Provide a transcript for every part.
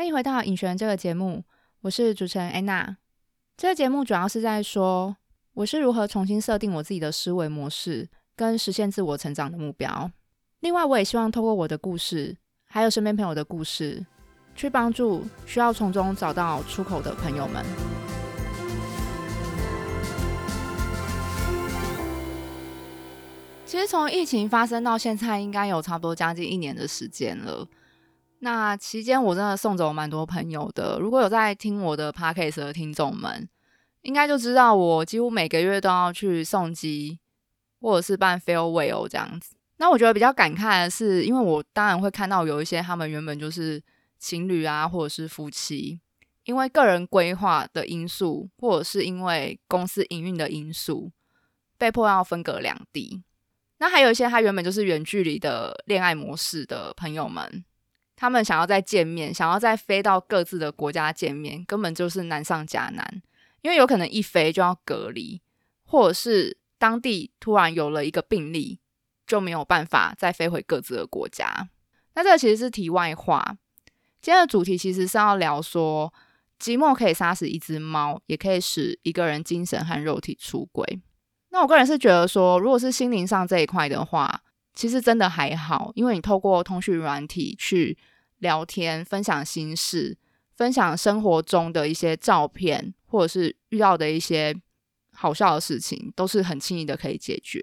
歡迎回到《癮學人》這個節目，我是主持人 Anna。這個節目主要是在說我是如何重新設定我自己的思維模式，跟實現自我成長的目標。另外，我也希望透過我的故事，還有身邊朋友的故事，去幫助需要從中找到出口的朋友們。其實，從疫情發生到現在，應該有差不多將近一年的時間了。那期間，我真的送走蠻多朋友的。如果有在聽我的 podcast 的聽眾們，應該就知道我幾乎每個月都要去送機，或者是辦 farewell 這樣子。那我覺得比較感慨的是，因為我當然會看到有一些他們原本就是情侶啊，或者是夫妻，因為個人規劃的因素，或者是因為公司營運的因素，被迫要分隔兩地。那還有一些他原本就是遠距離的戀愛模式的朋友們。他們想要再見面，想要再飛到各自的國家見面，根本就是難上加難，因為有可能一飛就要隔離，或者是當地突然有了一個病例，就沒有辦法再飛回各自的國家。那這個其實是題外話，今天的主題其實是要聊說，寂寞可以殺死一只貓，也可以使一個人精神和肉體出軌。那我個人是覺得說，如果是心靈上這一塊的話。其實真的還好，因為你透過通訊軟體去聊天、分享心事、分享生活中的一些照片，或者是遇到的一些好笑的事情，都是很輕易的可以解決。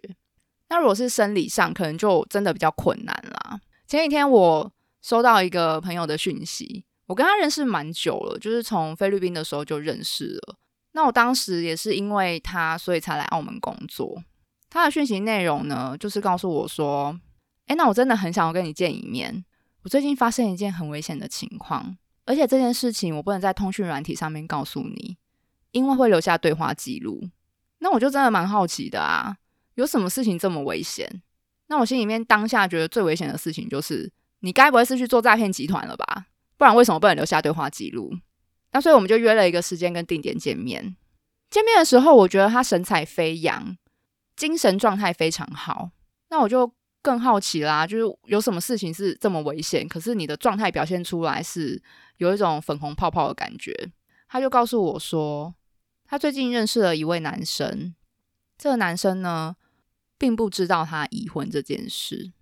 那如果是生理上，可能就真的比較困難啦。前幾天我收到一個朋友的訊息，我跟他認識蠻久了，就是從菲律賓的時候就認識了。那我當時也是因為他，所以才來澳門工作。他的訊息內容呢，就是告訴我說：“哎、欸，那我真的很想要跟你見一面。我最近發現一件很危險的情況，而且這件事情我不能在通訊軟體上面告訴你，因為會留下對話記錄。那我就真的蠻好奇的啊，有什麼事情這麼危險？那我心裡面當下覺得最危險的事情就是，你該不會是去做詐騙集團了吧？不然為什麼不能留下對話記錄？那所以我們就約了一個時間跟定點見面。見面的時候，我覺得他神采飛揚。”精神狀態非常好，那我就更好奇啦、啊，就是有什麼事情是這麼危險，可是你的狀態表現出來是有一種粉紅泡泡的感覺。他就告訴我說，他最近認識了一位男生，這個男生呢，並不知道他已婚這件事，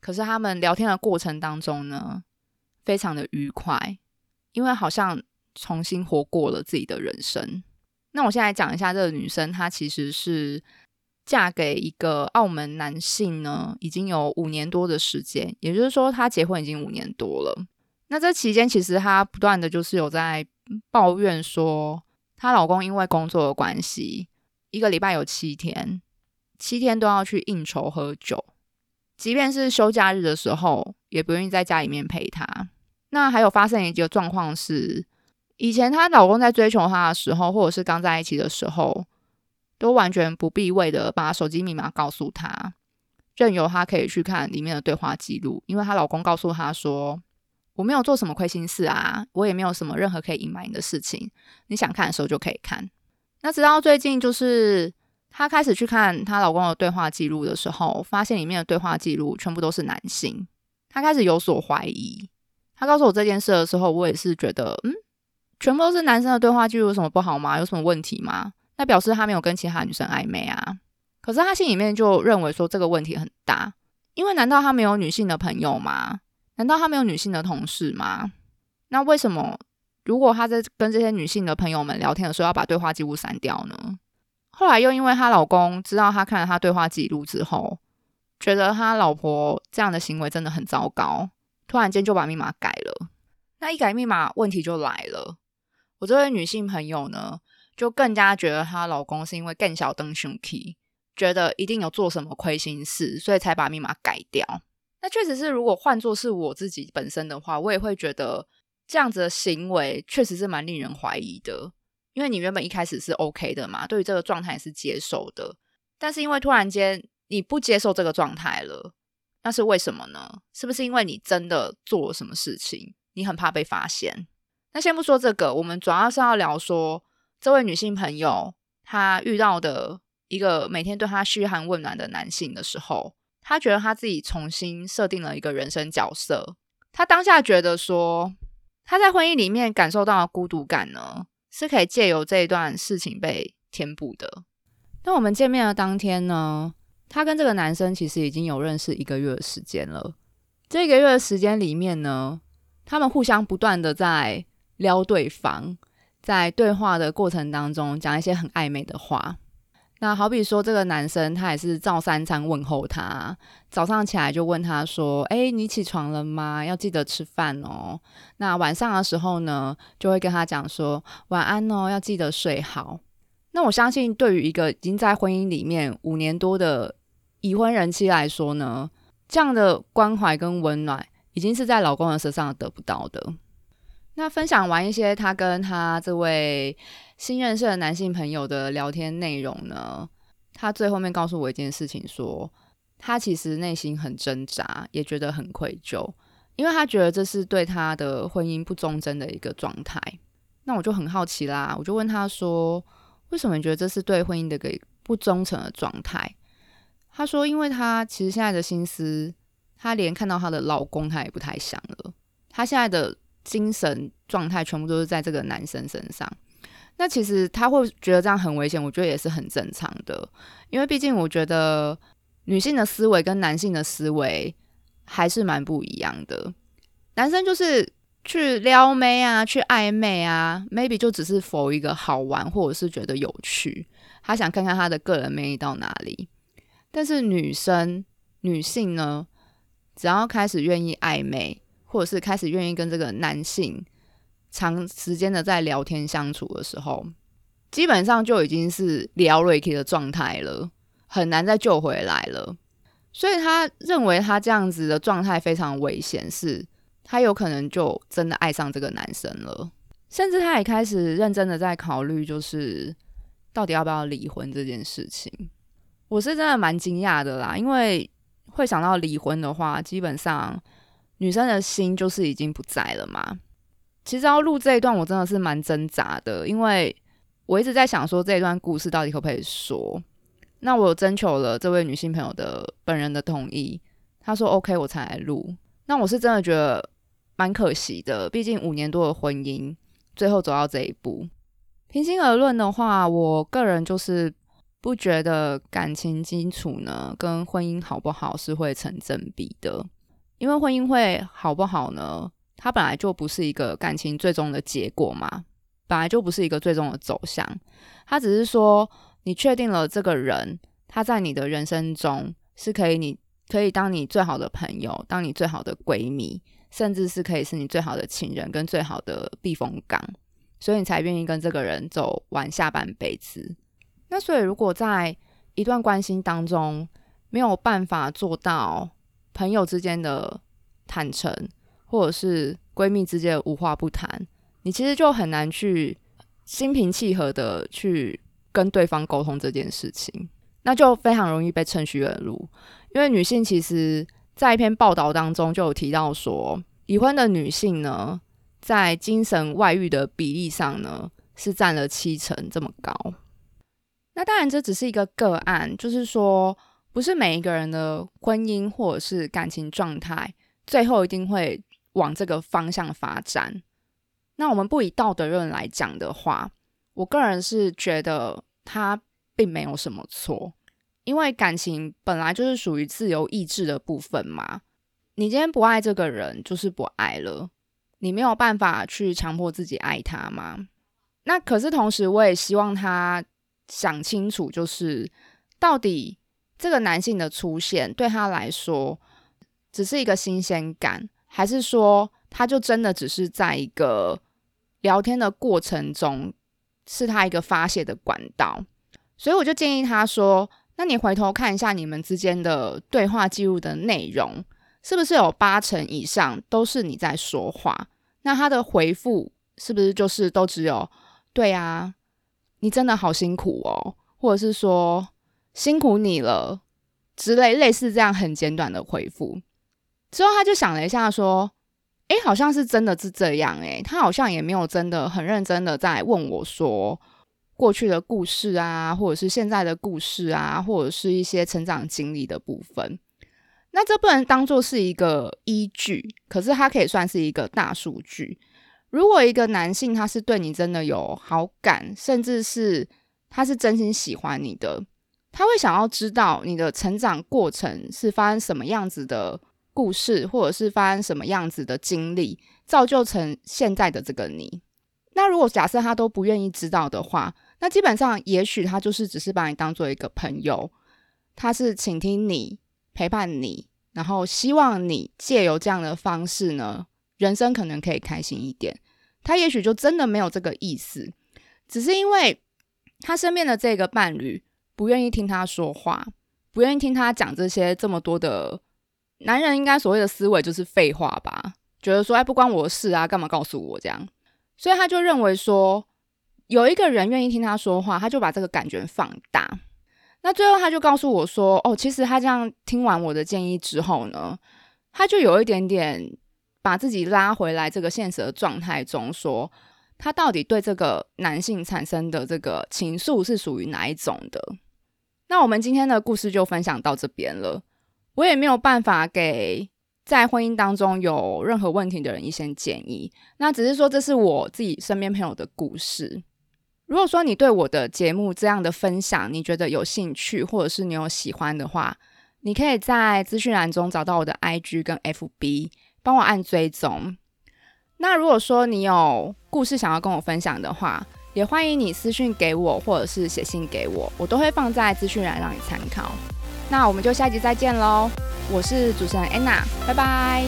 可是他們聊天的過程當中呢，非常的愉快，因為好像重新活過了自己的人生。那我現在講一下這個女生，她其實是。嫁給一個澳門男性呢，已經有五年多的時間，也就是說，她結婚已經五年多了。那這期間，其實她不斷的就是有在抱怨說，她老公因為工作的關係，一個禮拜有七天，七天都要去應酬喝酒，即便是休假日的時候，也不願意在家裡面陪她。那還有發生一個狀況是，以前她老公在追求她的時候，或者是剛在一起的時候。都完全不必為的把手機密碼告訴他，任由他可以去看裡面的對話記錄，因為她老公告訴她說：“我沒有做什麼虧心事啊，我也沒有什麼任何可以隱瞞你的事情，你想看的時候就可以看。”那直到最近，就是她開始去看她老公的對話記錄的時候，發現裡面的對話記錄全部都是男性，她開始有所懷疑。她告訴我這件事的時候，我也是覺得，嗯，全部都是男生的對話記錄，有什麼不好嗎？有什麼問題嗎？那表示他沒有跟其他女生曖昧啊，可是他心裡面就認為說這個問題很大，因為難道他沒有女性的朋友嗎？難道他沒有女性的同事嗎？那為什麼如果他在跟這些女性的朋友們聊天的時候要把對話記錄刪掉呢？後來又因為她老公知道他看了他對話記錄之後，覺得他老婆這樣的行為真的很糟糕，突然間就把密碼改了。那一改密碼，問題就來了，我這位女性朋友呢？就更加覺得她老公是因為更小登熊 k 覺得一定有做什麼虧心事，所以才把密碼改掉。那確實是，如果換做是我自己本身的話，我也會覺得這樣子的行為確實是蠻令人懷疑的。因為你原本一開始是 OK 的嘛，對於這個狀態是接受的，但是因為突然間你不接受這個狀態了，那是為什麼呢？是不是因為你真的做了什麼事情，你很怕被發現？那先不說這個，我們主要是要聊說。這位女性朋友，她遇到的一個每天對她噓寒問暖的男性的時候，她覺得她自己重新設定了一個人生角色。她當下覺得說，她在婚姻裡面感受到的孤獨感呢，是可以借由這一段事情被填補的。那我們見面的當天呢，她跟這個男生其實已經有認識一個月的時間了。這一個月的時間裡面呢，他們互相不斷的在撩對方。在對話的過程當中，講一些很曖昧的話。那好比說，這個男生他也是照三餐問候他，早上起來就問他說：“哎，你起床了嗎？要記得吃飯哦。”那晚上的時候呢，就會跟他講說：“晚安哦，要記得睡好。”那我相信，對於一個已經在婚姻裡面五年多的已婚人妻來說呢，這樣的關懷跟溫暖，已經是在老公的身上得不到的。那分享完一些他跟他這位新認識的男性朋友的聊天內容呢，他最後面告訴我一件事情說，說他其實內心很掙扎，也覺得很愧疚，因為他覺得這是對他的婚姻不忠貞的一個狀態。那我就很好奇啦，我就問他說，為什麼你覺得這是對婚姻的一個不忠誠的狀態？他說，因為他其實現在的心思，他連看到他的老公，他也不太想了，他現在的。精神狀態全部都是在這個男生身上，那其實他會覺得這樣很危險，我覺得也是很正常的，因為畢竟我覺得女性的思維跟男性的思維還是蠻不一樣的。男生就是去撩妹啊，去曖昧啊，maybe 就只是 for 一個好玩或者是覺得有趣，他想看看他的個人魅力到哪裡。但是女生、女性呢，只要開始願意曖昧。或者是開始願意跟這個男性長時間的在聊天相處的時候，基本上就已經是聊瑞克的狀態了，很難再救回來了。所以他認為他這樣子的狀態非常危險，是他有可能就真的愛上這個男生了，甚至他也開始認真的在考慮，就是到底要不要離婚這件事情。我是真的蠻驚訝的啦，因為會想到離婚的話，基本上。女生的心就是已經不在了嘛。其實要錄這一段，我真的是蠻掙扎的，因為我一直在想說這一段故事到底可不可以說。那我徵求了這位女性朋友的本人的同意，她說 OK，我才來錄。那我是真的覺得蠻可惜的，畢竟五年多的婚姻最後走到這一步。平心而論的話，我個人就是不覺得感情基礎呢跟婚姻好不好是會成正比的。因為婚姻會好不好呢？它本來就不是一個感情最終的結果嘛，本來就不是一個最終的走向。它只是說，你確定了這個人，他在你的人生中是可以你，你可以當你最好的朋友，當你最好的閨蜜，甚至是可以是你最好的情人跟最好的避風港，所以你才願意跟這個人走完下半輩子。那所以，如果在一段關係當中沒有辦法做到。朋友之間的坦誠，或者是閨蜜之間的無話不談，你其實就很難去心平氣和的去跟對方溝通這件事情，那就非常容易被趁虛而入。因為女性其實，在一篇報道當中就有提到說，已婚的女性呢，在精神外遇的比例上呢，是佔了七成這麼高。那當然，這只是一個個案，就是說。不是每一個人的婚姻或者是感情狀態最後一定會往這個方向發展。那我們不以道德論來講的話，我個人是覺得他並沒有什麼錯，因為感情本來就是屬於自由意志的部分嘛。你今天不愛這個人，就是不愛了，你沒有辦法去強迫自己愛他嘛？那可是同時，我也希望他想清楚，就是到底。這個男性的出現對他來說只是一個新鮮感，還是說他就真的只是在一個聊天的過程中是他一個發洩的管道？所以我就建議他說：“那你回頭看一下你們之間的對話記錄的內容，是不是有八成以上都是你在說話？那他的回復是不是就是都只有‘對啊，你真的好辛苦哦’，或者是說？”辛苦你了，之類類似這樣很簡短的回復之後，他就想了一下，說：“誒，好像是真的是這樣誒，他好像也沒有真的很認真的在問我說過去的故事啊，或者是現在的故事啊，或者是一些成長經歷的部分。那這不能當做是一個依據，可是它可以算是一個大數據。如果一個男性他是對你真的有好感，甚至是他是真心喜歡你的。他會想要知道你的成長過程是發生什麼樣子的故事，或者是發生什麼樣子的經歷，造就成現在的這個你。那如果假設他都不願意知道的話，那基本上也許他就是只是把你當做一個朋友，他是傾聽你、陪伴你，然後希望你借由這樣的方式呢，人生可能可以開心一點。他也許就真的沒有這個意思，只是因為他身邊的這個伴侶。不願意聽他說話，不願意聽他講這些這麼多的，男人應該所謂的思維就是廢話吧？覺得說，哎，不關我的事啊，幹嘛告訴我這樣？所以他就認為說有一個人願意聽他說話，他就把這個感覺放大。那最後他就告訴我說：“哦，其實他這樣聽完我的建議之後呢，他就有一點點把自己拉回來這個現實的狀態中說，說他到底對這個男性產生的這個情愫是屬於哪一種的？”那我們今天的故事就分享到這邊了。我也沒有辦法給在婚姻當中有任何問題的人一些建議，那只是說這是我自己身邊朋友的故事。如果說你對我的節目這樣的分享你覺得有興趣，或者是你有喜歡的話，你可以在資訊欄中找到我的 IG 跟 FB，幫我按追蹤。那如果說你有故事想要跟我分享的話，也歡迎你私訊給我，或者是寫信給我，我都會放在資訊欄讓你參考。那我們就下集再見嘍，我是主持人安娜，拜拜。